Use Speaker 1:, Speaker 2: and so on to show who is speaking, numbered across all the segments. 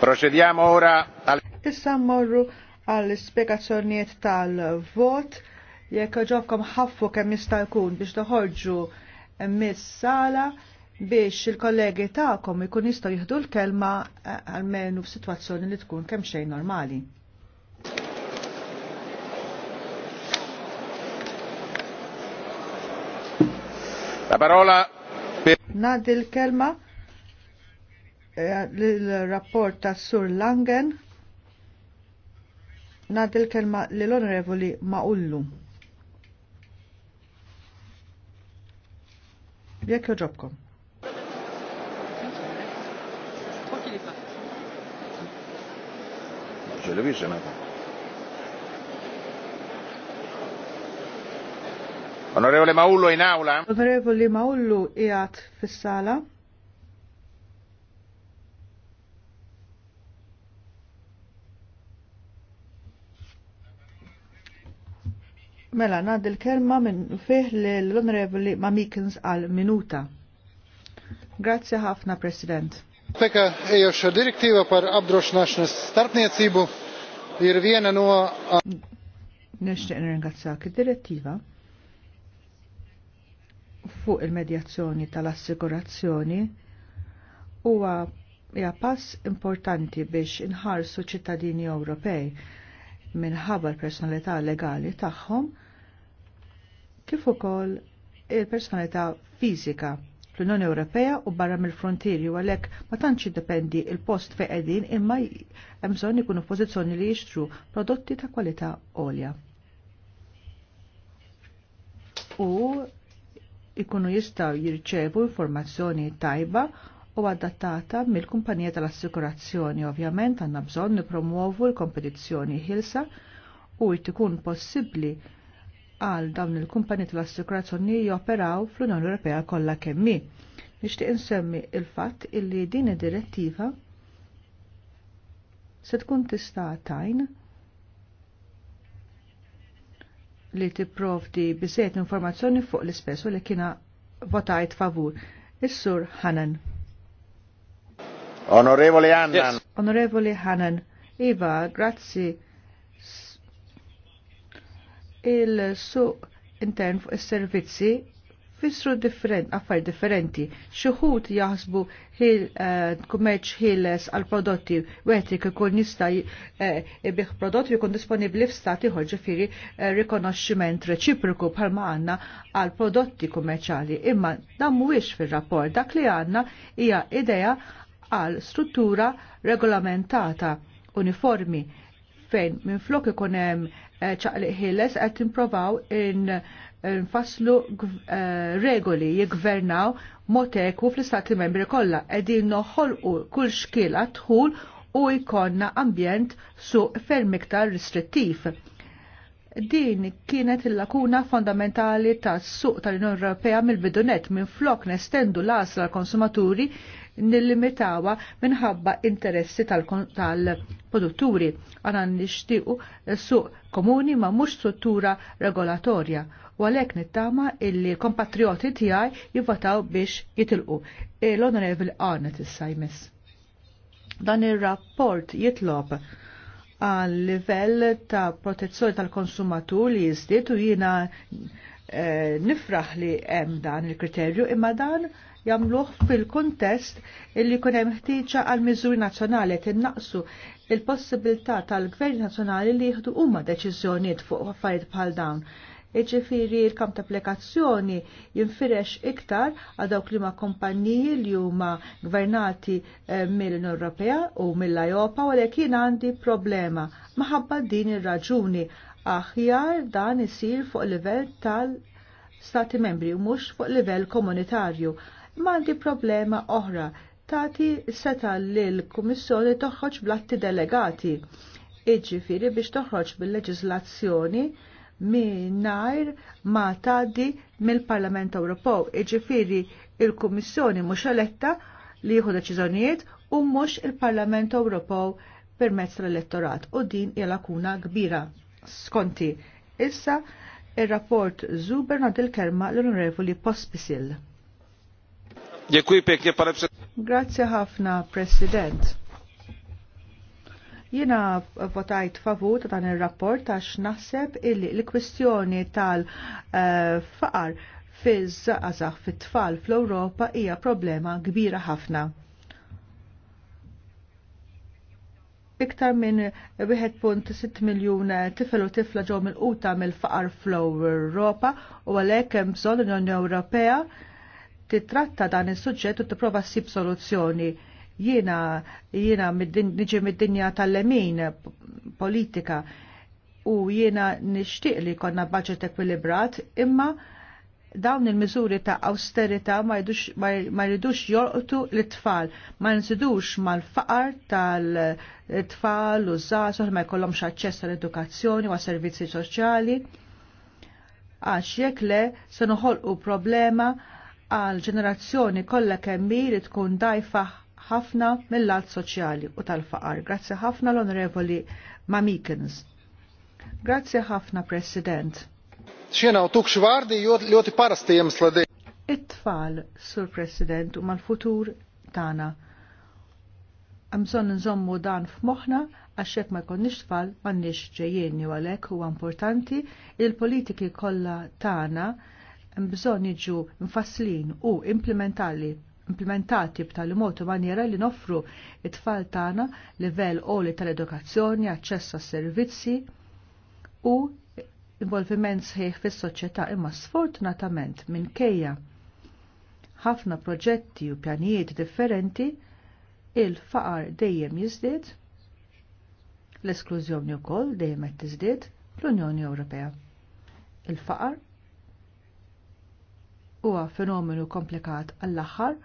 Speaker 1: Procediamo ora al...
Speaker 2: Issa morru għall-spiegazzjoniet tal-vot jekk ġobkom ħaffu kemm jista' jkun biex toħorġu mis-sala biex il-kollegi tagħkom ikun jistgħu jieħdu l-kelma eh, għalmenu f'sitwazzjoni li tkun kemm xejn normali. La parola per... Nadi l-kelma l-rapport ta' Sur Langen nad il-kelma l-onorevoli Maullu. Jekk joġobkom.
Speaker 3: Ġelevi
Speaker 1: Onorevole Maullu in aula.
Speaker 2: Onorevoli Maullu iat e fis-sala. Mela, nad il-kelma minn fih l-Onorevoli Mamikins għal minuta. Grazie ħafna, President.
Speaker 1: Teka, ejo xa direktiva par abdrox naxnes startnijacibu ir
Speaker 2: viena nuwa. Nishtiq nirringazzak id-direttiva fuq il-medjazzjoni tal-assigurazzjoni huwa hija pass importanti biex inħarsu ċittadini Ewropej minħabba l-personalità legali tagħhom kif ukoll il-personalità fiżika fl-Unjoni Ewropea u barra mill-frontieri u għalhekk ma tantx jiddependi il-post fejn qegħdin imma hemm bżonn ikunu f'pożizzjoni li jixtru prodotti ta' kwalità għolja. U ikunu jistgħu jirċevu informazzjoni tajba u adattata mill-kumpanija tal-assikurazzjoni. Ovvjament għandna bżonn nipromuovu l-kompetizzjoni ħilsa u jtikun possibbli għal dawn il-kumpanija tal-assikurazzjoni joperaw fl-Unjoni Ewropea kollha kemmi. Nixtieq insemmi il-fatt illi din id-direttiva se tkun tista' tajn li tipprovdi biżejt informazzjoni fuq l-ispess u li kiena votajt favur. Is-sur Hanan.
Speaker 1: Onorevoli Hannan. Yes.
Speaker 2: Onorevoli Hannan. Iva, grazzi. Il-suq intern fuq is-servizzi fissru different, affar differenti. Xuħut jaħsbu hil uh, eh, kummerċ ħiles għal prodotti u ikun jista jibih eh, prodotti jkun disponibli f'stati ħor ġifiri eh, rikonoxximent reċiproku bħalma għanna għal prodotti kummerċali. Imma dan mhuwiex fir-rapport dak li għanna hija idea għal struttura regolamentata uniformi fejn minn flok ikun hemm eh, ċaqliq ħieles qed improvaw in eh, nfasslu eh, regoli jigvernaw moteku fl-istati membri kollha qegħdin noħolqu kull xkiela tħul u jkollna ambjent su ferm iktar ristrittiv. Din kienet il-lakuna fondamentali tas suq tal-Unjoni Ewropea mill-bidunet minn flok nestendu l asra l-konsumaturi nillimitawa minħabba interessi tal-produtturi. Għana nishtiqu suq komuni ma mux struttura regolatorja u għalek nittama illi kompatrioti tijaj jivvataw biex jitilqu. E, L-Honorable Arnett il sajmis Dan il-rapport jitlob għal livell ta' protezzjoni tal-konsumatur li jiżdied u jiena eh, nifraħ li hemm dan il-kriterju imma dan jamluħ fil-kuntest illi jkun hemm ħtieġa għal miżuri nazzjonali tinnaqsu il-possibilità tal-Gvern Nazzjonali li jieħdu huma deċiżjonijiet fuq affarijiet bħal dawn. Iġifiri l-kamp ta' applikazzjoni jinfirex iktar għal dawk li ma' kompanniji li huma gvernati eh, mill-Unjoni Ewropea u mill-Ajopa u jien għandi problema maħabba din ir-raġuni aħjar dan isir fuq livell tal-Stati membri u mhux fuq livell komunitarju mandi problema oħra tati seta l-Kummissjoni toħroġ blatti delegati iġifiri biex toħroġ bil-leġizlazzjoni minnajr ma taddi mill-Parlament Ewropew. Iġifiri il-Kummissjoni mhux eletta li jieħu deċiżjonijiet u mhux il-Parlament Ewropew permezz tal-elettorat u din hija lakuna kbira. Skonti, issa ir-rapport Zuber nad il-kelma l-Onorevoli Pospisil.
Speaker 1: Grazie
Speaker 2: ħafna, President. Jena votajt favur ta' dan il-rapport għax naħseb illi l-kwistjoni tal-faqar eh, fiż-żaqażaħ fit-tfal fl-Ewropa hija problema kbira ħafna. iktar minn 1.6 miljun tifel u tifla ġew mill-quta mill-faqar fl-Ewropa u għalhekk hemm bżonn l-Unjoni Ewropea titratta dan is-suġġett u tipprova ssib soluzzjoni. Jiena jiena niġi mid-dinja tal-lemin politika u jiena nixtieq li konna budget ekwilibrat imma dawn il-miżuri ta' austerita ma jridux jorqtu l-tfal, ma nsidux mal-faqar tal-tfal u żgħażagħ ma jkollhomx aċċess tal-edukazzjoni u servizzi soċjali. Għax jekk le se noħolqu problema għal ġenerazzjoni kollha kemm li tkun dajfa ħafna mill-lat soċjali u tal-faqar. Grazzi ħafna l-Onorevoli Mamikens. Grazzi ħafna, President.
Speaker 1: Xena u tuk xvardi joti
Speaker 3: parasti jem sladej.
Speaker 2: It-tfal, Sur President, u mal-futur tana. Għamżon nżommu dan f'moħna għaxek ma jkunniex tfal ma nix ġejjeni u għalek u importanti il-politiki kollha tana bżonn jiġu mfasslin u implementali implementati b'tali mod u maniera li noffru it-tfal tagħna livell qoli tal-edukazzjoni, aċċess għas servizzi u involviment sħiħ fis-soċjetà imma sfortunatament minkejja ħafna proġetti u pjanijiet differenti, il-faqar dejjem jiżdied, l-esklużjoni wkoll dejjem qed tiżdied fl-Unjoni Ewropea. Il-faqar huwa fenomenu komplikat għall-aħħar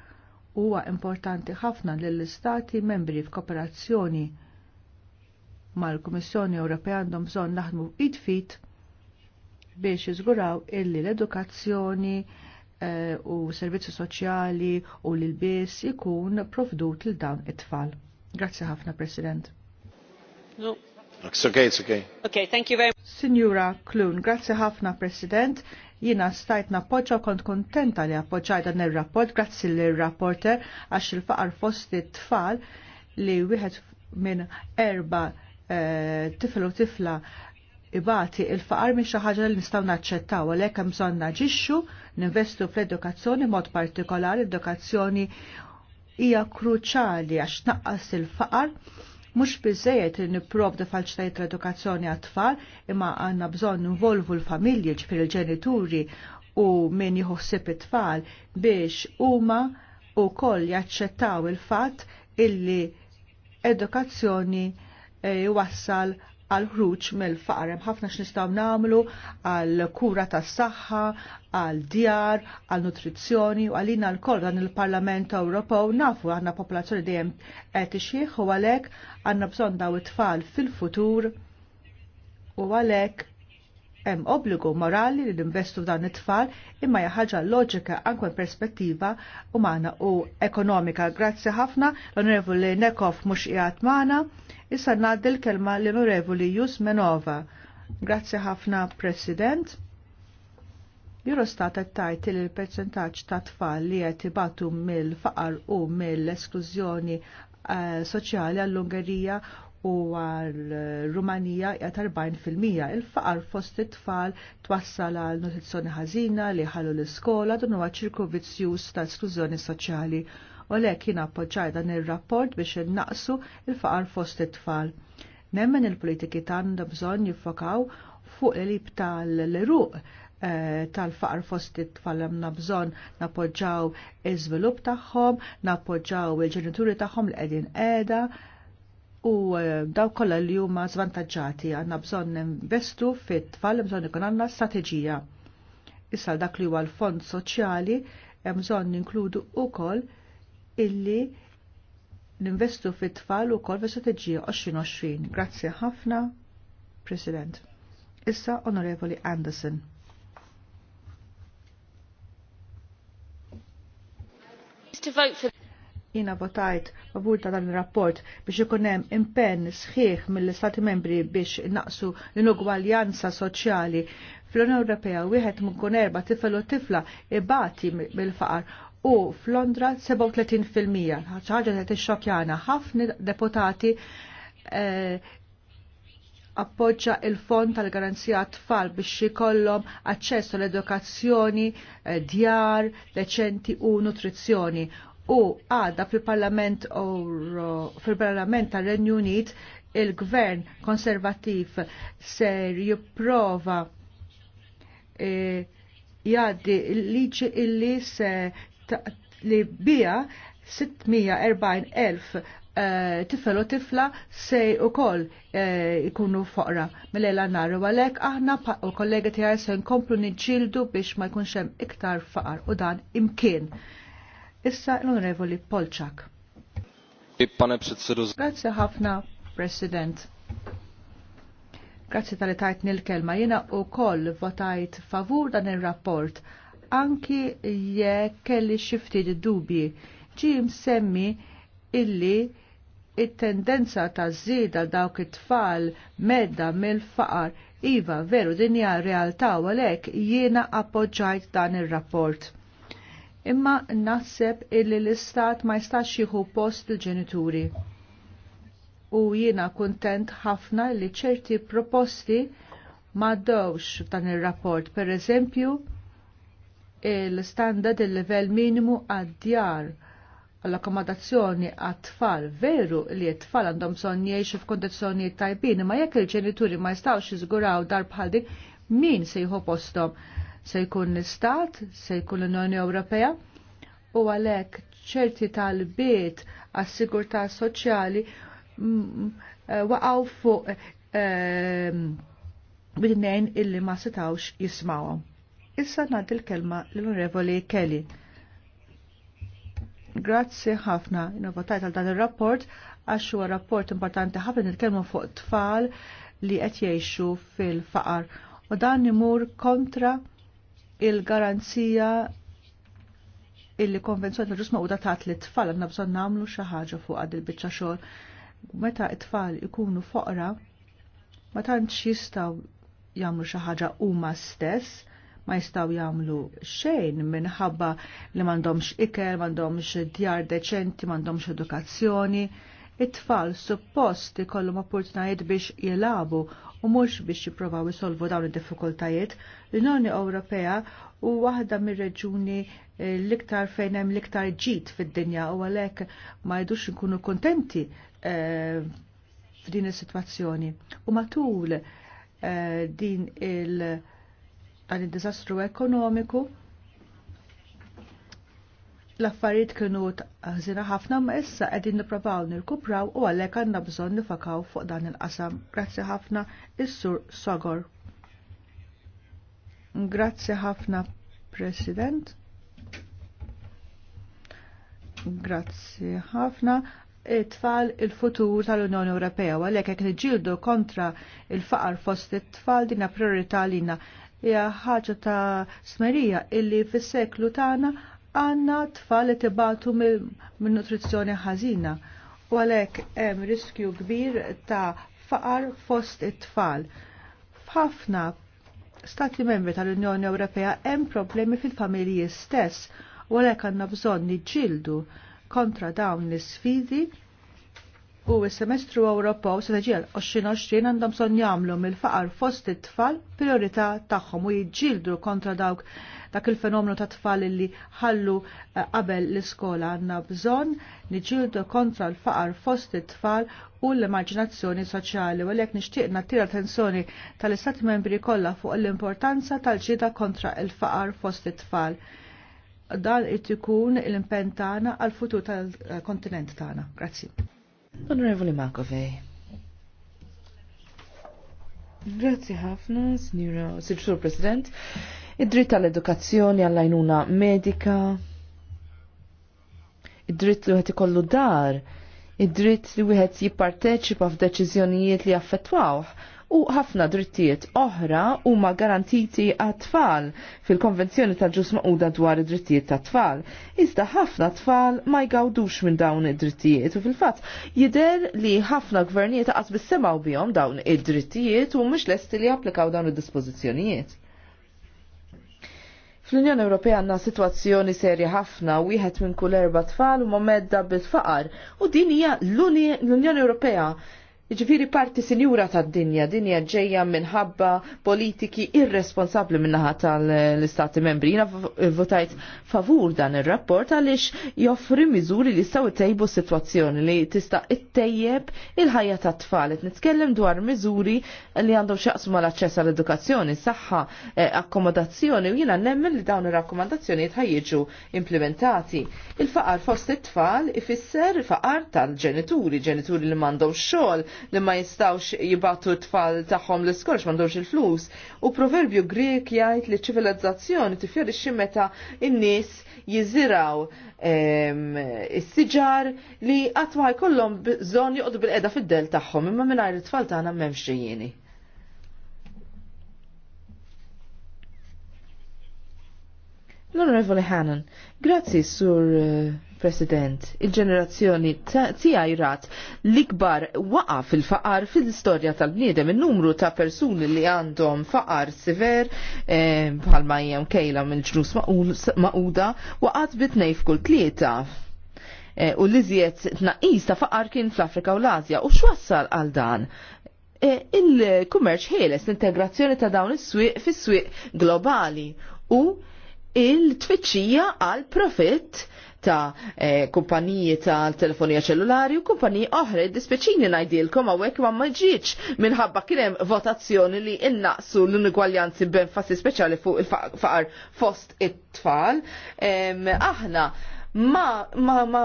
Speaker 2: huwa importanti ħafna lill istati membri f'kooperazzjoni mal-Kummissjoni Ewropea għandhom bżonn naħdmu id fit biex jiżguraw illi l-edukazzjoni eh, u servizzi soċjali u l-biss ikun provdut l dawn it-tfal. Grazzi ħafna, President.
Speaker 1: No.
Speaker 3: It's okay, it's okay.
Speaker 2: Okay, thank you very much. Signora Klun, grazzi ħafna President. Jina stajt nappoġġa kont kontenta li appoġġaj dan ir-rapport, grazzi l rapporter għax il-faqar fost it-tfal li wieħed minn erba eh, tifel u tifla ibati il-faqar minn xi ħaġa li nistgħu naċċettaw għalhekk hemm bżonn naġixxu ninvestu fl-edukazzjoni mod partikolari edukazzjoni hija kruċali għax tnaqqas il-faqar Mhux bizzejet li nipprovdu faċilitajiet ta' edukazzjoni għat-tfal, imma għandna bżonn involvu l-familji ġifir il-ġenituri u min jħossib it-tfal biex huma u koll jaċċettaw il-fatt illi edukazzjoni e, jwassal għal ħruġ mill-faqrem ħafna x'nistgħu nagħmlu għal kura tas-saħħa, għal djar, għal nutrizzjoni u għalina l koll dan il-Parlament Ewropew nafu għanna popolazzjoni dejjem qed ixieħ u għalhekk għandna bżonn daw it-tfal fil-futur u għalhekk hemm obbligu morali li ninvestu f'dan it-tfal imma hija ħaġa loġika anke perspettiva umana u ekonomika. Grazzi ħafna l-Onorevoli Nekov mhux qiegħed magħna. Issa ngħaddi l-kelma l-Onorevoli Jus Menova. Grazzi ħafna President. Eurostat qed li l-percentaġġ ta' tfal li qed ibatu mill-faqar u mill-esklużjoni eh, soċjali għall-Ungerija u għal-Rumanija jgħat 40%. Il-faqar fost it-tfal twassal għal nutrizzjoni ħażina li ħallu l-iskola dun huwa ċirku vizzjuż ta' esklużjoni soċjali. U lek jien appoġġaj dan ir-rapport biex innaqsu il-faqar fost it-tfal. Nemmen il-politiki tagħna bżonn jiffokaw fuq il-ib tal-ruq Eh, tal-faqar fost it-tfallem nabżon napoġġaw iż-żvilupp tagħhom, napoġġaw il-ġenituri tagħhom li qegħdin qiegħda u eh, daw kollha li huma żvantaġġati għandna bżonn investu fit-tfal bżonn ikun għandna strateġija. Issa dak li huwa l-fond soċjali hemm bżonn inkludu wkoll illi ninvestu fit-tfal ukoll fi strateġija 2020. Grazzi ħafna, President. Issa Onorevoli Anderson. to vote for jina votajt favur ta' dan il-rapport biex ikun hemm impenn sħiħ mill-Istati membri biex naqsu l-inugwaljanza soċjali. Fl-Unjoni Ewropea wieħed mkun erba' tifel u tifla ibati mill-faqar u fl-Londra 37 fil-mija. ħaġa qed ixxokjana ħafna deputati eh, appoġġa il-fond tal-garanzija tfal biex jikollhom aċċess l-edukazzjoni, eh, djar, deċenti u nutrizzjoni. U għadda fil-Parlament fil-Parlament tal-Renju Unit il-Gvern konservativ ser jipprova eh, jgħaddi l liġi illi se li bija 640.000 Eh, tifel u tifla se u koll eh, ikunu foqra. Mill-lejla mela narru għalek aħna u kollega tijar se nkomplu nġildu biex ma jkunx hemm iktar faqar u dan imkien. Issa l-Onorevoli Polczak.
Speaker 3: Grazie
Speaker 2: ħafna, President. Grazie tal tajt nil l-kelma. Jena u koll votajt favur dan il-rapport anki jekk kelli xifti dubji. Ġim semmi illi it-tendenza ta' żieda dawk it-tfal medda mill-faqar iva veru dinja realtà u għalhekk jiena appoġġajt dan ir-rapport. Imma naħseb illi l-istat ma jistax jieħu post il-ġenituri. U jiena kuntent ħafna li ċerti proposti ma dawx f'dan ir-rapport, per eżempju, il-standard il-level minimu għad-djar l-akkomodazzjoni għat-tfal veru li t-tfal għandhom bżonn jgħixu f'kondizzjonijiet tajbin, ma jekk il-ġenituri ma jistawx jiżguraw dar bħal din, min se jħu postom? Se jkun l-Istat, se jkun l-Unjoni Ewropea? U għalhekk ċerti tal-bit għas-sigurtà soċjali mm, eh, waqgħu fuq eh, bidnejn illi ma setawx jismawhom. Issa nagħti l-kelma l-Onorevoli Kelly. Grazzi ħafna innovatajt għal dan ir-rapport għax huwa rapport importanti ħafna nitkellmu fuq tfal li qed jgħixu fil-faqar. U dan imur kontra il-garanzija illi konvenzjoni tal-ġus u datat li tfal għandna bżonn nagħmlu xi ħaġa fuq għad il-biċċa xogħol. Meta t-tfal ikunu foqra ma tantx jistgħu jagħmlu xi ħaġa huma stess ma jistaw jagħmlu xejn minħabba li m'għandhomx iker, m'għandhomx djar deċenti, m'għandhomx edukazzjoni. It-tfal suppost ikollhom opportunitajiet biex jilabu u mhux biex jipprovaw isolvu dawn id-diffikultajiet. L-Unjoni Ewropea u waħda mir-reġuni eh, l-iktar fejn hemm l-iktar ġid fid-dinja u għalhekk ma jdux nkunu kontenti eh, f'din is-sitwazzjoni. U matul eh, din il- għal il-dizastru ekonomiku l-affarijiet kienu ħżina ħafna ma issa qegħdin nipprovaw nirkupraw u għalhekk għandna bżonn nifakaw fuq dan il-qasam. Grazzi ħafna is-Sur Sogor. Grazzi ħafna President. Grazzi ħafna it-tfal il-futur tal-Unjoni Ewropea, għalhekk jekk niġġieldu kontra il-faqar fost it-tfal dinha priorità lina hija ħaġa ta' smerija illi fis-seklu tagħna għandna tfal li tibatu min nutrizzjoni ħażina u għalhekk hemm riskju kbir ta' faqar fost it-tfal. F'ħafna stati membri tal-Unjoni Ewropea hemm problemi fil-familji stess u għalhekk għandna bżonn niġġieldu kontra dawn l-isfidi u il semestru Ewropew se tiġi 2020 għandhom son jagħmlu mill-faqar fost it-tfal priorità tagħhom u jiġġieldu kontra dawk dak il-fenomenu ta' tfal li ħallu eh, qabel l-iskola għandna bżonn niġġieldu kontra l-faqar fost it-tfal u l immaġinazzjoni soċjali u għalhekk nixtieq nattira attenzjoni tal-Istati membri kollha fuq l-importanza tal-ġida kontra l-faqar fost it-tfal dan it ikun l-impenn tagħna għal futur tal-kontinent tagħna.
Speaker 3: Grazzi. Onorevoli Makovej. Grazzi ħafna, Signora Sir President. Id-dritt għall-edukazzjoni għall-għajnuna medika, id-dritt li wieħed ikollu dar, id-dritt li wieħed jipparteċipa f'deċiżjonijiet li affettwawh u ħafna drittijiet oħra huma garantiti għat-tfal fil-Konvenzjoni ta' Ġus Maquda dwar id-drittijiet ta' tfal. Iżda ħafna tfal ma jgawdux minn dawn id-drittijiet u fil-fatt jidher li ħafna gvernijiet għas bissemaw bihom dawn id-drittijiet u mhux lesti li applikaw dawn id-dispożizzjonijiet. Fl-Unjoni Ewropea għandna sitwazzjoni serja ħafna wieħed minn kull erba' tfal huma medda bil-faqar u din hija l-Unjoni Ewropea Iġviri parti sinjura tad dinja, dinja ġeja minħabba politiki irresponsabli minnaħa tal-istati membri. Jina votajt favur dan il-rapport għalix joffri miżuri li staw tejbu situazzjoni li tista' ittejjeb il-ħajja tat tfalet. Nitkellem dwar miżuri li għandhom xaqsmu l-aċċess għall-edukazzjoni, saħħa, eh, akkomodazzjoni u jina nemmen li dawn ir-rakkomandazzjoni jitħajġu implementati. Il-faqar fost it-tfal ifisser il faqar tal-ġenituri, ġenituri li m'għandhom xogħol li ma jistawx jibatu tfal tagħhom l skolx m'għandux il-flus. U proverbju Grek jgħid li ċivilizzazzjoni tifjerixxi meta in-nies jiziraw is-siġar li qatt ma jkollhom bżonn joqdu bil-qeda fid-del tagħhom imma mingħajr it-tfal tagħna memx ġejjieni. L-Onorevole Hannon, grazzi sur eh, President, il-ġenerazzjoni tiegħi rat l-ikbar waqa fil-faqar fil-istorja tal-bniedem in-numru ta' persuni li għandhom faqar sever eh, bħalma jem kejla mill-ġnus maquda waqat bitnej f'kull tlieta eh, u li zjed tnaqis ta' faqar kien fl-Afrika u l-Azja u x'wassal għal dan il-kummerċ ħieles l-integrazzjoni ta' dawn is-swieq fis-swieq globali u il-tfittxija għal profitt ta' eh, kumpaniji tal-telefonija ċellulari u kumpaniji oħra dispeċini najdilkom għawek ma maġiċ minħabba kienem votazzjoni li innaqsu l-inugwaljanzi b'enfasi speċjali fuq il-faqar fost it-tfal. aħna ma, ma, ma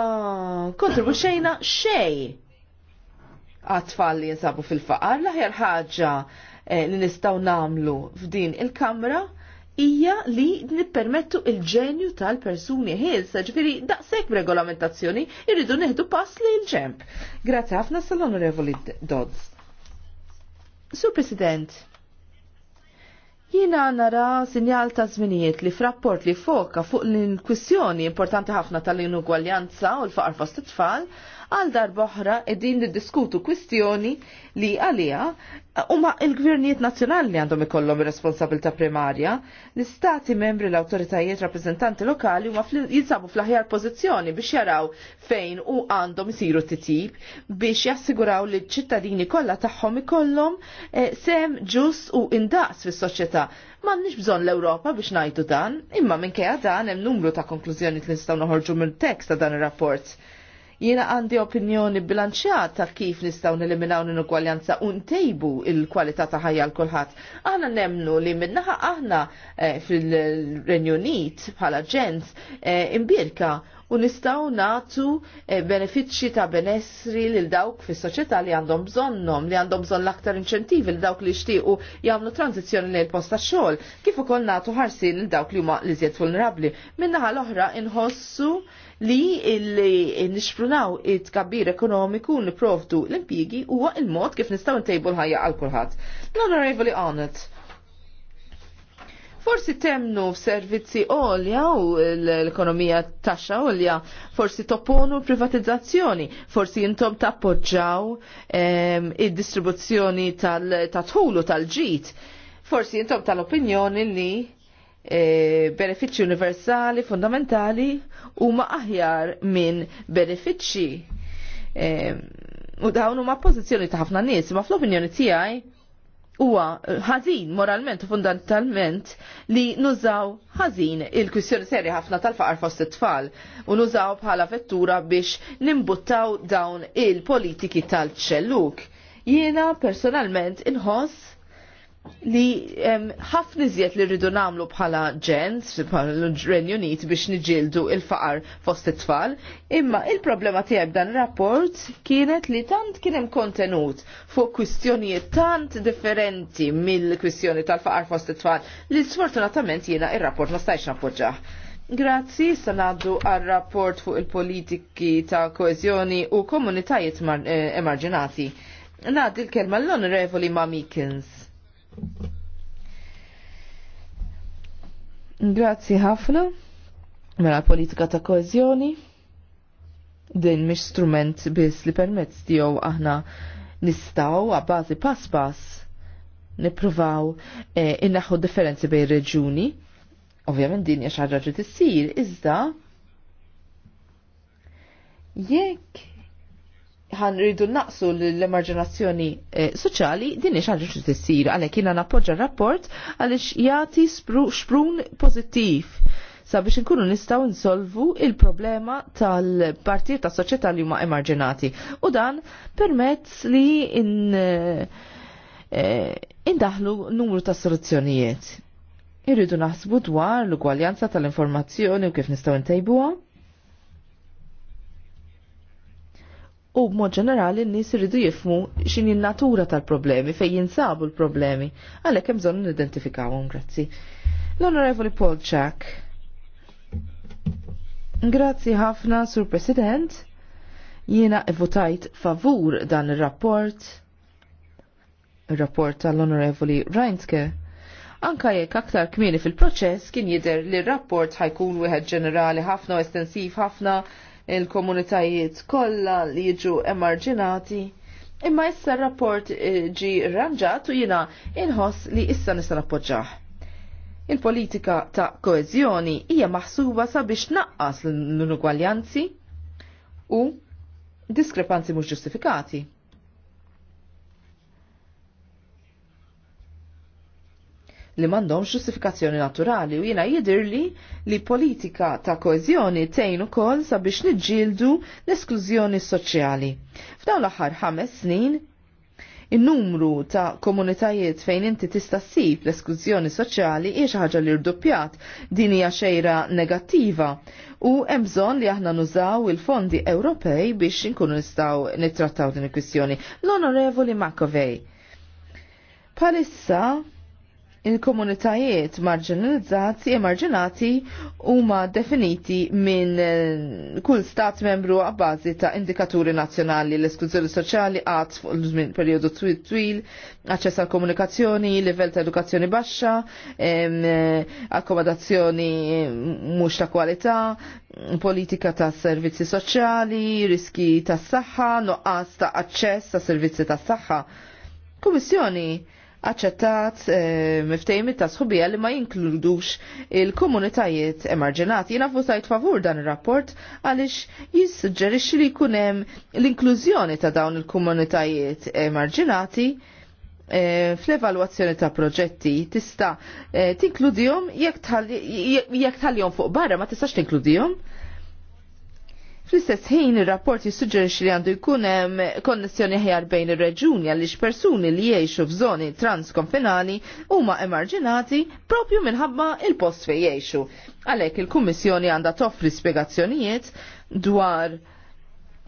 Speaker 3: kontribuċejna xej għat-tfal li jinsabu fil-faqar. Laħjar ħagġa eh, li nistaw namlu f'din il-kamra hija li nippermettu il-ġenju tal-persuni ħilsa, ġifiri daqshekk regolamentazzjoni irridu neħdu pass li l-ġemp. Grazzi ħafna sal-Onorevoli Dodds. Sur President, Jina nara sinjal ta' zminijiet li frapport li foka fuq l-kwistjoni importanti ħafna tal-inugwaljanza u l-faqar fost it-tfal għal darboħra edin niddiskutu kwistjoni li għalija huma il-gvernijiet nazzjonali li għandhom ikollhom responsabilta primarja, l-istati membri l-autoritajiet rappresentanti lokali huma jinsabu fl-aħjar pożizzjoni biex jaraw fejn u għandhom isiru t-titib biex jassiguraw li ċittadini kollha tagħhom ikollhom eh, sem ġus u indaqs fis-soċjetà nix bżon l-Europa biex najdu dan, imma minkejja dan hemm numru ta' konklużjoni li nistgħu noħorġu mill-tekst ta' dan ir-rapport. Jiena għandi opinjoni bilanċjata kif nistgħu neliminaw l-inugwaljanza u ntejbu il-kwalità ta' ħajja l kulħadd. Aħna nemnu li minnaħa aħna eh, fil-Renju Unit bħala ġenz eh, imbirka u nistaw natu eh, benefiċċji ta' benessri lil dawk fis soċjetà li għandhom bżonnhom, li għandhom bżonn l-aktar inċentivi lil dawk li jixtiequ jagħmlu tranzizzjoni lejn post xogħol kif ukoll natu ħarsin lil dawk li huma li vulnerabbli. Min-naħa l-oħra inħossu li li it-kabbir ekonomiku u niprovdu l-impjigi huwa il-mod kif nistgħu tejbu l-ħajja għal kulħadd. L-Honorable Honet. Forsi temnu servizzi olja u l-ekonomija taxxa olja, forsi topponu privatizzazzjoni, forsi jintom tappoġġaw ehm, id-distribuzzjoni tal-tħulu tal-ġit, forsi jintom tal-opinjoni li E, benefiċċji universali, fundamentali, huma aħjar minn benefiċċji. E, u dawn huma pożizzjoni ta' ħafna nies, ma fl-opinjoni tiegħi huwa ħażin moralment u fundamentalment li nużaw ħażin il-kwissjoni serja ħafna tal-faqar fost it-tfal u nużaw bħala vettura biex nimbuttaw dawn il-politiki tal-ċelluk. Jiena personalment inħoss li ħafna iżjed li rridu nagħmlu bħala ġens, bħala l-Renju Unit biex niġildu il-faqar fost it-tfal, imma il-problema tiegħi b'dan rapport kienet li tant kien hemm kontenut fuq kwistjonijiet tant differenti mill-kwistjoni tal-faqar fost it-tfal li sfortunatament jiena ir-rapport ma stajx nappoġġah. Grazzi, sanaddu għal rapport fuq il-politiki ta' koezjoni u komunitajiet eh, emarġinati. Nad il-kelma l-onorevoli Mamikins. Grazzi ħafna mela politika ta' koezjoni din mhix strument biss li permezz tiegħu aħna nistgħu għabbażi pass pass nippruvaw eh, innaħħu differenzi bejn reġuni. Ovvjament din hija xi ħaġa li tissir, iżda jekk ħan rridu naqsu l-emarġinazzjoni eh, soċjali, din ix ħaġa xi tissir għalhekk jiena nappoġġa r-rapport għaliex jagħti xprun pożittiv sabiex inkunu nistgħu insolvu il-problema tal-partijiet tas soċjetà li huma emarġinati. U dan permezz li in, eh, indaħlu numru ta' soluzzjonijiet. Irridu naħsbu dwar l-ugwaljanza tal-informazzjoni u kif nistgħu ntejbuha u b'mod ġenerali n-nies iridu jifmu xini natura tal-problemi fejn jinsabu l-problemi għalhekk hemm bżonn nidentifikawhom, grazzi. L-Onorevoli Paul Polchak. Grazzi ħafna, Sur President. Jiena votajt favur dan ir-rapport ir-rapport tal-Onorevoli Reinske anka jekk aktar kmieni fil-proċess kien jidher li r-rapport ħajkun wieħed ġenerali ħafna u estensiv ħafna il-komunitajiet kollha li jiġu emarġinati. Imma issa rapport eh, ġi rranġat u jina inħoss li issa nista' nappoġġah. Il-politika ta' koezjoni hija maħsuba sabiex naqqas l-inugwaljanzi u diskrepanzi mhux ġustifikati. li mandom ġustifikazzjoni naturali u jina jidirli li politika ta' koezjoni tejn ukoll sabiex niġġieldu l-esklużjoni soċjali. F'dawn l-aħħar ħames snin, in-numru ta' komunitajiet fejn inti tista' ssib l-esklużjoni soċjali hija xi ħaġa li rdoppjat din hija xejra negattiva u hemm bżonn li aħna nużaw il-fondi Ewropej biex inkunu nistgħu nittrattaw din il-kwistjoni. L-Onorevoli Makovej. Palissa, il-komunitajiet marginalizzati e marġinati huma definiti minn eh, kull stat membru għabbażi ta' indikaturi nazzjonali l-esklużjoni soċjali għad fuq l-żmien perjodu twil twil, aċċess għal komunikazzjoni, livell ta' edukazzjoni baxxa, eh, akkomodazzjoni mhux ta' kwalità, politika ta' servizzi soċjali, riski ta' saħħa, noqqas ta' aċċess ta' servizzi ta' saħħa. Kummissjoni aċċettat e, miftejmit ta' sħubija li ma jinkludux il-komunitajiet emarġenati. Jina votajt favur dan il-rapport għalix jissuġġerixxi li kunem l-inklużjoni ta' dawn il-komunitajiet emarġenati eh, fl-evalwazzjoni ta' proġetti tista' eh, tinkludihom jekk tħallihom fuq barra ma tistax tinkludihom Fl-istess ħin ir-rapport jissuġġerixxi li għandu jkun hemm konnessjoni ħjar bejn ir-reġuni għaliex persuni li jgħixu f'żoni transkonfinali huma emarġinati propju minħabba il-post fejn jgħixu. Għalhekk il-Kummissjoni għandha toffri spjegazzjonijiet dwar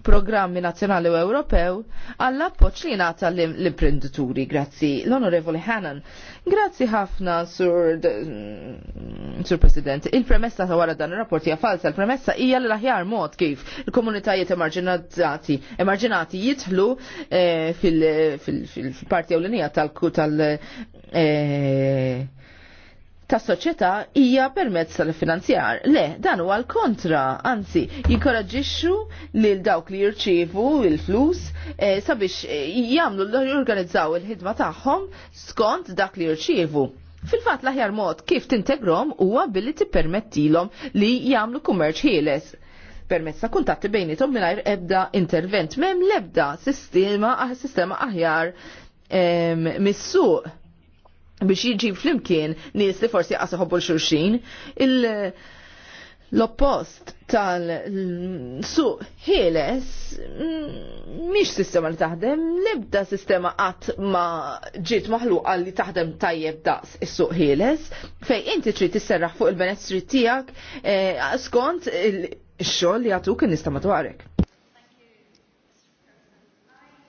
Speaker 3: programmi nazzjonali u Ewropew għall appoġġ li jingħata l-imprenditori. Grazzi l-Onorevoli Hannan. Grazzi ħafna sur mm, sur President. Il-premessa ta' wara dan ir-rapport hija falsa. Il-premessa hija l aħjar mod kif il-komunitajiet emarġinati emarġinati jidħlu eh, fil-parti ewlenija tal-tal eh, ta' soċjetà hija permezz tal-finanzjar. Le, dan huwa l-kontra, anzi, jinkoraġixxu lil dawk li jirċievu il-flus eh, sabiex eh, jagħmlu jorganizzaw il-ħidma tagħhom skont dak li jirċievu. Fil-fatt l-aħjar mod kif tintegrom huwa billi tippermettilhom li jagħmlu kummerċ ħieles permezz ta' kuntatti bejnietom mingħajr ebda intervent. Mem lebda sistema sistema aħjar mis-suq biex jiġi flimkien nies li forsi jaqsuħobu l-xurxin, l-oppost tal-suq ħieles mm, miex sistema li taħdem, lebda sistema qatt ma ġiet maħluqa li taħdem tajjeb daqs is-suq ħieles, fej inti trid tisserraħ fuq il-benessri tiegħek eh, skont il-xogħol li għatuk in-nista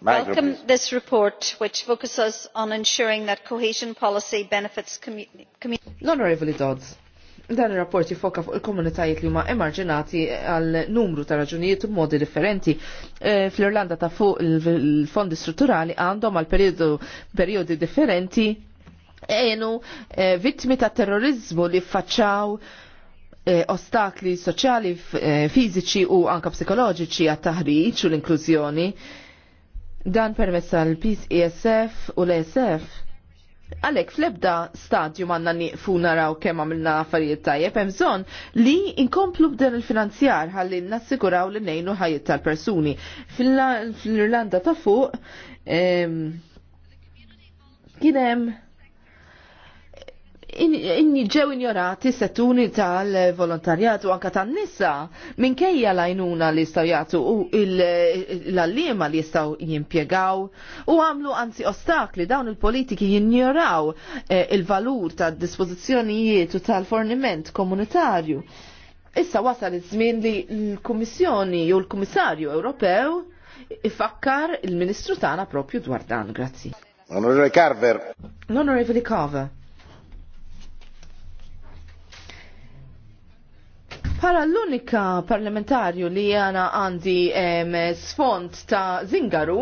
Speaker 3: welcome
Speaker 1: this report which focuses on ensuring that cohesion policy benefits communities.
Speaker 3: l-onorevoli dodds dan ir-rapport jifoka fuq il-komunitajiet li huma emarġinati għal numru ta' raġunijiet b'modi differenti. E, Fl-Irlanda ta' fuq il-fondi strutturali għandhom għal periodi differenti għenu e, vittmi ta' terrorizmu li faċċaw E, ostakli soċjali, e, fiziċi u anka psikoloġiċi għat taħriġ u l-inklużjoni. Dan permezz tal-PIS e ESF u l-ESF għalek fl-ebda stadju manna niqfu naraw kemm għamilna affarijiet tajjeb hemm bżonn li inkomplu bden il-finanzjar ħalli nassiguraw li nejnu ħajjiet tal-persuni. Fil-Irlanda ta' fuq kien hemm inni ġew injorati settuni tal-volontarjatu anka tan-nisa minkejja lajnuna li jistgħu jagħtu u l-allima li jistgħu jimpjegaw u għamlu anzi ostakli dawn il-politiki jinjoraw eh, il-valur tad-dispożizzjonijiet u tal-forniment komunitarju. Issa wasal iż-żmien li l-Kummissjoni u l-Kummissarju Ewropew ifakkar il-Ministru tagħna propju dwar dan. Grazzi.
Speaker 1: Onorevoli Carver.
Speaker 3: L-Onorevoli Carver. Para l-unika parlamentarju li jana għandi sfond ta' Zingaru,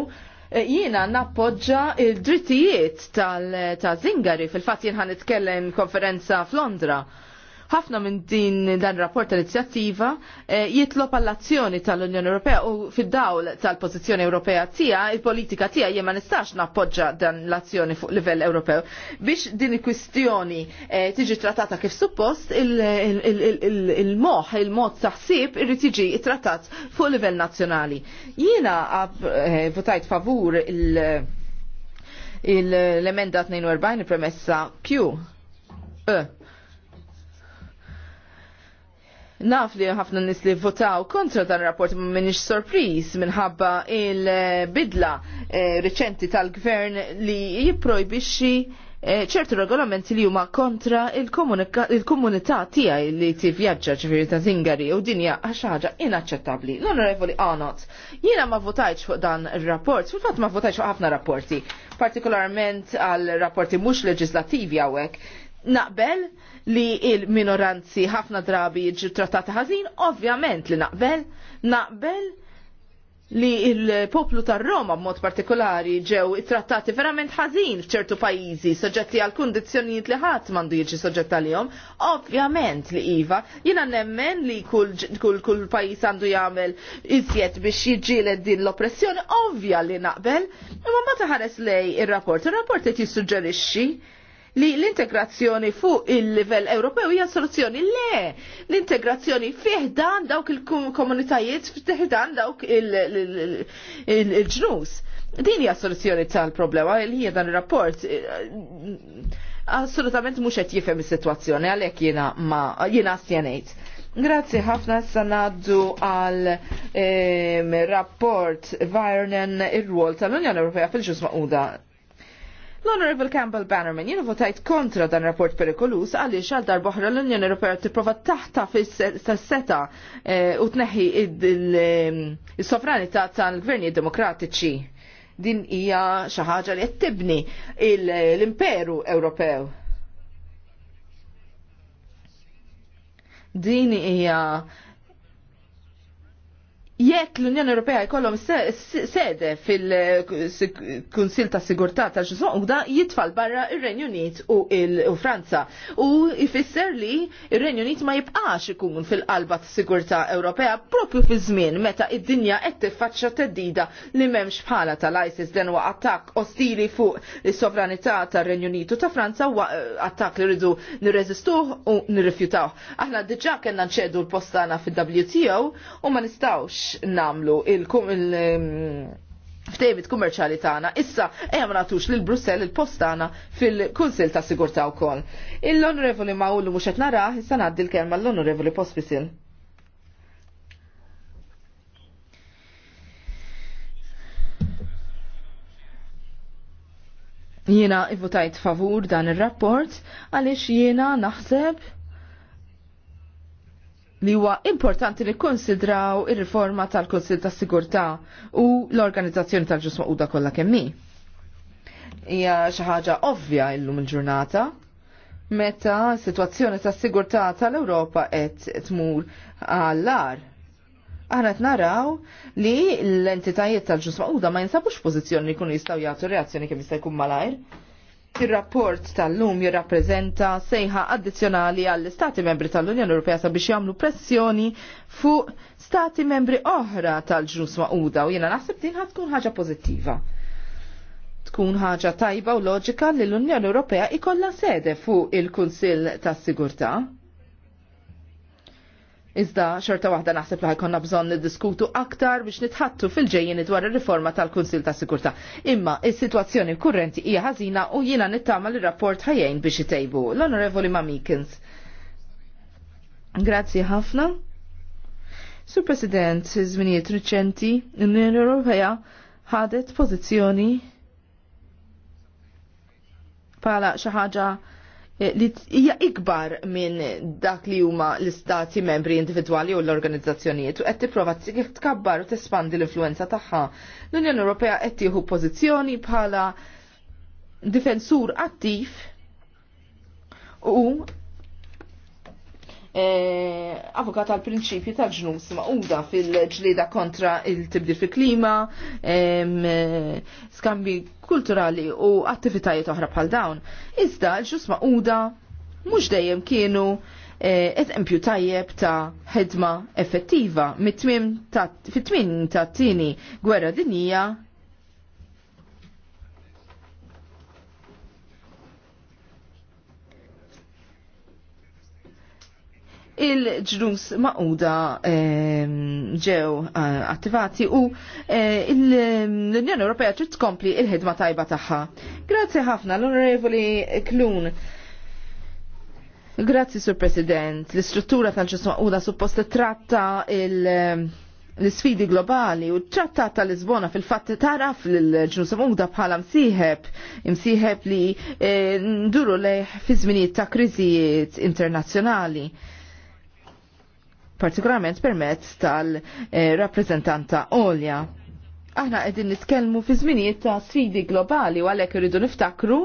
Speaker 3: eh, jiena nappoġġa il-drittijiet ta' Zingari, fil-fat jien ħan konferenza f'Londra. Ħafna minn din dan rapport tal-inizjattiva eh, jitlob għall-azzjoni tal-Unjoni Ewropea u fid-dawl tal-pożizzjoni Ewropea tija, il-politika tija jien ma nistax nappoġġa dan l-azzjoni fuq livell Ewropew. Biex din il-kwistjoni eh, tiġi trattata kif suppost, il-moħ, il-mod taħsib irrid tiġi trattat fuq livell nazzjonali. Jiena eh, votajt favur il- l-emenda 42 premessa Q. E. Naf li ħafna nis li votaw kontra dan rapport ma minix sorpriz minħabba il-bidla eh, reċenti tal-gvern li jiprojbixi eh, ċertu regolamenti li huma kontra il-komunità tiegħi li tivvjaġġa ġifieri ta' Zingari u dinja xi ħaġa inaċċettabbli. L-Onorevoli Anot, jiena ma votajtx fuq dan ir-rapport, fil-fatt ma votajtx fuq ħafna rapporti, partikolarment għal rapporti mhux leġislattivi hawnhekk. Naqbel li il-minoranzi ħafna drabi jġi trattati ħażin, ovvjament li naqbel, naqbel li il-poplu tar Roma b'mod partikolari ġew trattati verament ħażin f'ċertu pajjiżi soġġetti għal kundizzjonijiet li ħadd m'għandu jiġi soġġett għalihom, ovvjament li iva, jiena nemmen li kull kull kull pajjiż għandu jagħmel iżjed biex jiġilet din l-oppressjoni, ovvja li naqbel, imma ma taħares lej ir-rapport, ir-rapport qed jissuġġerixxi li l-integrazzjoni fuq il-livell Ewropew hija soluzzjoni le. L-integrazzjoni fih dan dawk il-komunitajiet fih dan dawk il-ġnus. Din hija soluzzjoni tal-problema li hija dan ir-rapport assolutament mhux qed jifhem is-sitwazzjoni għalhekk jiena ma jiena stjanejt. Grazzi ħafna sanaddu għal ehm, rapport Vajrnen ir-rwol tal-Unjoni Ewropea fil-ġus maquda L-Honorable Campbell Bannerman jien votajt kontra dan rapport perikolus għaliex għall-dar boħra l-Unjoni t tipprova taħta fis-seta eh, u tneħħi ehm, il-sovranità tal-gvernijiet demokratiċi. Din hija xi ħaġa li qed tibni l-imperu Ewropew. Din hija jekk l-Unjoni Ewropea jkollhom sede fil-Kunsil ta' Sigurtà ta' Ġużoqda jitfal barra ir-Renju Unit u Franza u jfisser li ir-Renju Unit ma jibqax ikun fil-qalba ta' Sigurtà Ewropea propju fi żmien meta id-dinja qed tiffaċċja teddida li m'hemmx bħala tal-ISIS dan huwa attakk ostili fuq is-sovranità tar-Renju Unit u ta' Franza huwa eh, attakk li rridu nirreżistuh u nirrifjutaw. Aħna diġà kellna nċedu l-postana fil-WTO u ma nistgħux namlu il-ftejbit um, kummerċali tagħna, issa ejja ma nagħtux lil Brussell il-post tagħna fil-Kunsill ta' Sigurtà wkoll. Il-Onorevoli Mawlu mhux qed narah, issa ngħaddi l-kelma l-Onorevoli Pospisil. Jiena ivvutajt favur dan ir-rapport għaliex jiena naħseb li huwa importanti li konsidraw ir-riforma tal-Konsil tas sigurtà u l-Organizzazzjoni tal-Ġus Maquda kollha kemm hi. Hija xi ħaġa ovvja llum il-ġurnata meta s-sitwazzjoni tas sigurtà tal-Ewropa qed tmur għall-ar aħna naraw li l-entitajiet tal-ġus maquda ma jinsabux pożizzjoni li jkunu jistgħu jagħtu reazzjoni kemm jista' jkun malajr. Ir-rapport tal-lum jirrappreżenta sejħa addizzjonali għall istati membri tal-Unjoni Ewropea sabiex jagħmlu pressjoni fuq stati membri oħra tal-ġnus maquda u jiena naħseb din tkun ħaġa pożittiva. Tkun ħaġa tajba u loġika li l-Unjoni Ewropea ikollha sede fuq il-Kunsill tas-Sigurtà Iżda xorta waħda naħseb li ħajkonna bżonn niddiskutu aktar biex nitħattu fil-ġejjin dwar ir-riforma tal-Kunsil ta' sigurtà Imma is-sitwazzjoni kurrenti hija ħażina u jiena nittama li rapport ħajjin biex itejbu. L-Onorevoli Mamikins. Grazzi ħafna. Sur President, żminijiet riċenti, l-Unjoni Ewropea ħadet pożizzjoni pala xi ħaġa Eh, li hija ikbar minn dak li huma l-istati membri individwali u l-organizzazzjonijiet u qed tipprova kif tkabbar u tespandi l-influenza tagħha. L-Unjoni Ewropea qed tieħu pożizzjoni bħala difensur attiv u eh, avukat tal prinċipji tal ġnus maquda fil-ġlida kontra il-tibdil fi klima, skambi kulturali u attivitajiet oħra bħal dawn. Iżda l-ġnus maquda mhux dejjem kienu eh, eżempju tajjeb ta' ħedma effettiva mit-tmim ta' fit tini gwerra dinija il ġrus maquda ehm, ġew eh, attivati u eh, l-Unjoni Ewropea trid tkompli il-ħidma tajba tagħha. Grazzi ħafna l-Onorevoli Klun. Grazzi, Sur President. L-istruttura tal ġrus uda suppost tratta il- eh, l-sfidi globali u trattat tal-Lisbona fil-fatt taraf l-ġnus Mugda bħala msieħeb, msieħeb li nduru leħ fi żminijiet ta' kriżijiet internazzjonali partikolarment permezz tal-rappreżentanta Olja. Aħna qegħdin nitkellmu fi żminijiet ta' sfidi globali u għalhekk irridu niftakru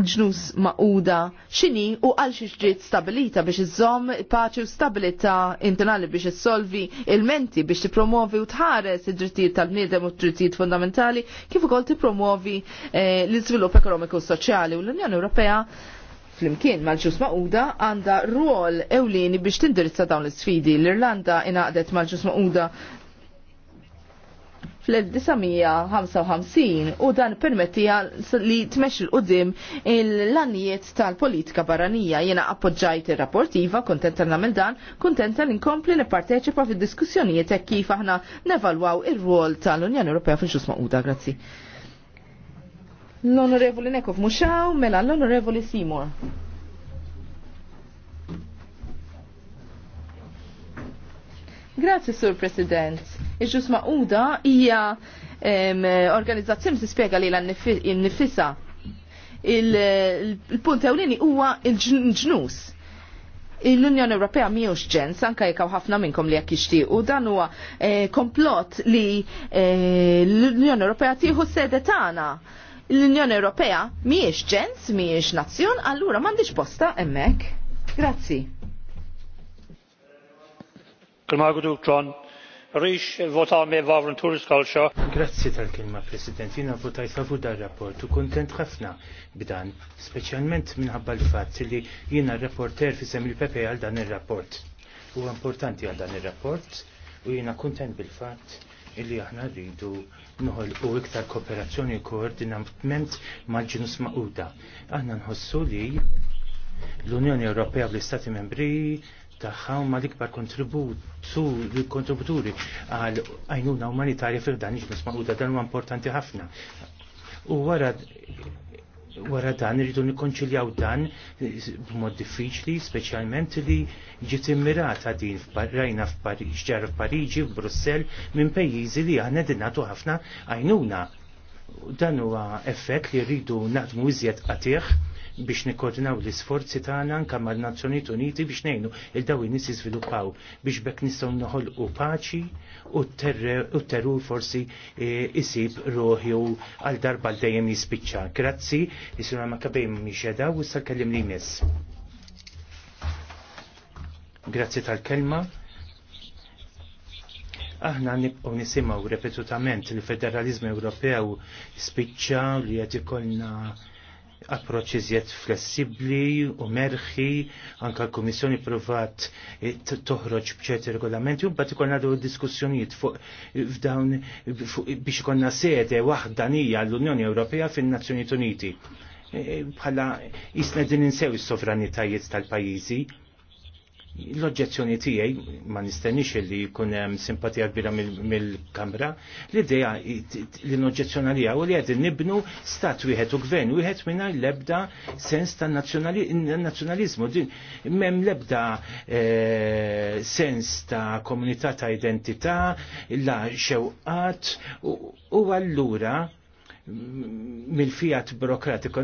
Speaker 3: ġnus maquda xini u għal ġiet stabilita biex iżomm paċi u stabilita internali biex issolvi il-menti biex tipromovi u tħares id-drittijiet tal-bniedem u d-drittijiet fundamentali kif ukoll tipromovi eh, l-iżvilupp ekonomiku u soċjali u l-Unjoni Ewropea flimkien mal-ġus maquda għanda ruol ewlieni biex tindirizza dawn l-sfidi. L-Irlanda inaqdet mal-ġus maquda fl-1955 u dan permettija li tmexxi l qudiem l-annijiet tal-politika barranija. Jena appoġġajt ir-rapport iva, kontenta nagħmel dan, kontenta li nkompli nipparteċipa fid-diskussjonijiet hekk kif aħna nevalwaw ir-rwol tal-Unjoni Ewropea fil-ġus maquda. Grazzi. L-Onorevoli Nekov Muxaw, mela l-Onorevoli Seymour. Grazie, Sur President. Iġus ma'uda hija organizzazzjoni spiega li l-nifisa. Il-punt ewlini huwa il-ġnus l-Unjoni Ewropea miħux ġen, sanka jekaw ħafna minnkom li jekk jixtiequ, dan huwa eh, komplot li eh, l-Unjoni Ewropea tieħu sede tagħna l-Unjoni Ewropea miex ġens, miex nazzjon, allura m'għandix posta emmek. Grazzi. Rix vota me vavrun
Speaker 1: turist kalxa. Grazzi tal-kelma, President. Jina votajt favur dar rapport u kontent ħafna b'dan, specialment minħabba l-fatt li jina rapporter fi semmi Pepe għal dan il-rapport. U importanti għal dan il-rapport u jina kontent bil-fatt illi aħna rridu nħolqu iktar kooperazzjoni u koordinament mal ġinus maquda. Aħna nħossu li l-Unjoni Ewropea bl-Istati Membri tagħha huma l-ikbar kontributuri għal għajnuna umanitarja fil dan ġinus maquda dan huwa importanti ħafna. U wara wara dan irridu nikkonċiljaw dan b'mod diffiċli, speċjalment li ġiet immirata din rajna xġara f'Pariġi, f'Brussell, minn pajjiżi li aħna din nagħtu ħafna għajnuna. Dan huwa effett li rridu naħdmu iżjed qatih biex nikkoordinaw l-isforzi tagħna anke mal-Nazzjonijiet Uniti biex ngħinu il dawin nies jiżviluppaw biex bekk nistgħu noħolqu paċi u t-terrur forsi e, isib roħju għal darba għal dejjem jispiċċa. Grazzi, jisuna ma kabej mhix jedaw u issa kellim li jmiss. Grazzi tal-kelma aħna nibqgħu nisimgħu ripetutament li federalizmu Ewropew spiċċa li qed ikollna approċċ iżjed flessibbli u merħi, anka l-Kummissjoni Provat toħroġ b'ċerti regolamenti u mbagħad ikollna dawn diskussjonijiet fuq f'dawn biex ikollna sede waħda nija l-Unjoni Ewropea fin-Nazzjonijiet Uniti. E, e, bħala jisna din insew is-sovranitajiet tal-pajjiżi l-oġġezzjoni tiegħi ma nistenniex li jkun hemm simpatija kbira mill-Kamra, l-idea li noġġezzjoni għalija u li qed nibnu stat wieħed u gvern wieħed mingħajr l-ebda sens ta' nazzjonaliżmu. M'hemm l-ebda eh, sens ta' komunità ta' identità, la xewqat u allura mill-fijat burokratiku.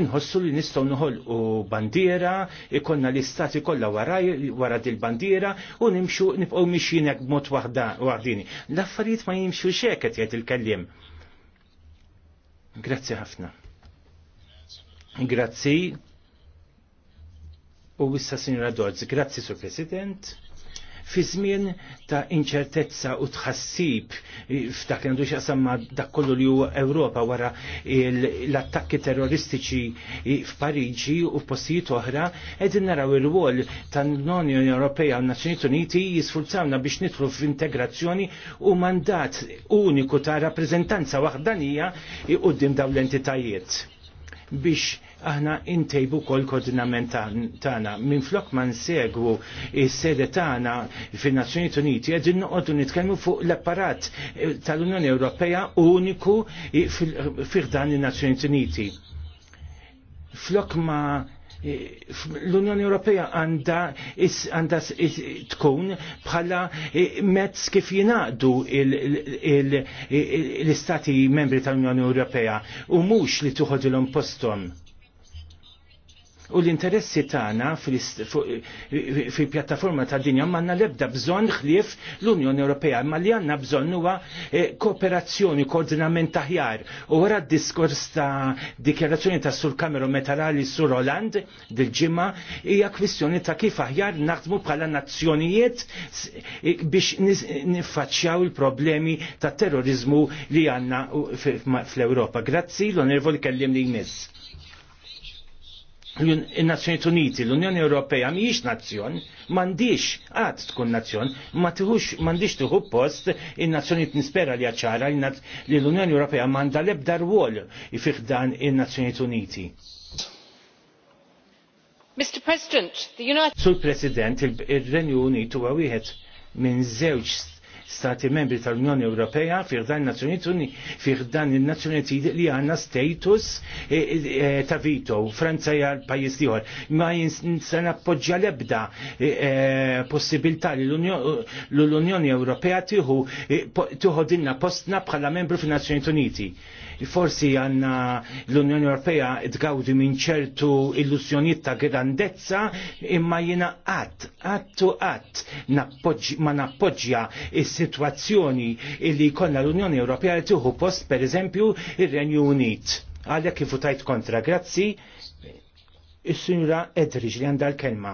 Speaker 1: Inħossu li nistgħu noħolqu bandiera, ikonna l-istati kollha wara dil bandiera u nimxu nibqgħu mixjinek b'mod waħdini. L-affarijiet ma jimxu xeket jgħid il-kellim. Grazzi ħafna. Grazzi. U wissa Signora Dodds, grazzi Sur President fi żmien ta' inċertezza u tħassib f'dak għandu xasamma dak kollu li huwa Ewropa wara l-attakki terroristiċi f'Pariġi u f'postijiet oħra, qegħdin naraw il-wol tan-Unjoni Ewropea u n-Nazzjonijiet Uniti jisfurzawna biex nidħlu f'integrazzjoni u mandat uniku ta' rappreżentanza waħdanija quddiem dawn l-entitajiet biex aħna intejbu kol koordinament tagħna. Minflok ma nsegwu s-sede tagħna fin-Nazzjonijiet Uniti qegħdin noqogħdu nitkellmu fuq l-apparat eh, tal-Unjoni Ewropea uniku fih dan in-Nazzjonijiet Uniti. Flok ma eh, l-Unjoni Ewropea għandha tkun bħala eh, mezz kif jingħaqdu l-istati membri tal-Unjoni Ewropea u mhux li tuħodilhom posthom. U l-interessi tagħna fil-pjattaforma ta' dinja manna lebda bżonn ħlief l-Unjoni Ewropea, ma li għandna bżonn huwa eh, kooperazzjoni, koordinament aħjar. U wara d-diskors ta' dikjarazzjoni ta' Sur Kamero meta li Sur Holland dil-ġimgħa hija kwistjoni ta' kif aħjar naħdmu bħala nazzjonijiet eh, biex niffaċċjaw il-problemi ta' terrorizmu li għandna fl-Ewropa. Grazzi, l-onervol kellim li jmiss il nazzjoni Tuniti, l-Unjoni Ewropea mhijiex nazzjon, m'għandix għad tkun nazzjon, ma tieħux m'għandix tieħu post in-Nazzjonijiet nispera li ċara li l-Unjoni Ewropea m'għandha l-ebda rwol fih dan in-Nazzjonijiet Uniti.
Speaker 2: Mr. President, the United
Speaker 1: Sul President, il-Renju Unitu huwa wieħed minn żewġ stati membri tal-Unjoni Ewropea fih dan Nazzjonijiet Uniti fih dan il-Nazzjonijiet li għandna status e, e, e, ta' vito. Franza hija pajjiż diħor. Ma se appoġġa l-ebda possibilità li l-Unjoni Ewropea tiħu tieħodilna postna bħala membru fin-Nazzjonijiet Uniti forsi għanna l-Unjoni Ewropea tgawdi minn ċertu illusjoniet ta' grandezza imma jina qatt, għattu qatt ma nappoġġja is-sitwazzjoni illi jkollna l-Unjoni Ewropea li tieħu post pereżempju il renju Unit. Għalhekk kif tajt kontra, grazzi. il sinjura Edriġ li għandha l-kelma.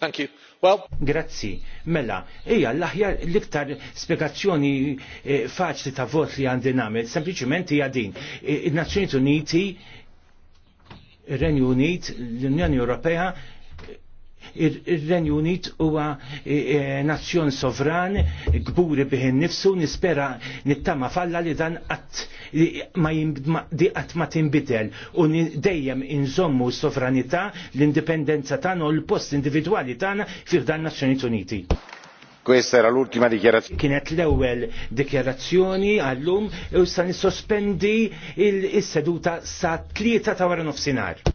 Speaker 1: Thank you. Well, Grazzi. Mela, hija l-aħjar l-iktar spiegazzjoni eh, faċli ta' vot li għandin għamil, sempliċement hija din. Il-Nazzjonijiet eh, Uniti, Renju Unit, l-Unjoni Ewropea ir-Renju Unit huwa e, e, nazzjon sovran, gburi bih innifsu, nispera nittama falla li dan ma qatt ma tinbidel u dejjem inżommu s-sovranità, l-indipendenza tagħna u l-post individwali tagħna fih dan Nazzjonijiet Uniti. Questa era l'ultima dichiarazione. Kienet l-ewwel dikjarazzjoni għallum u e sa nissospendi il-seduta sa tlieta ta' wara nofsinhar.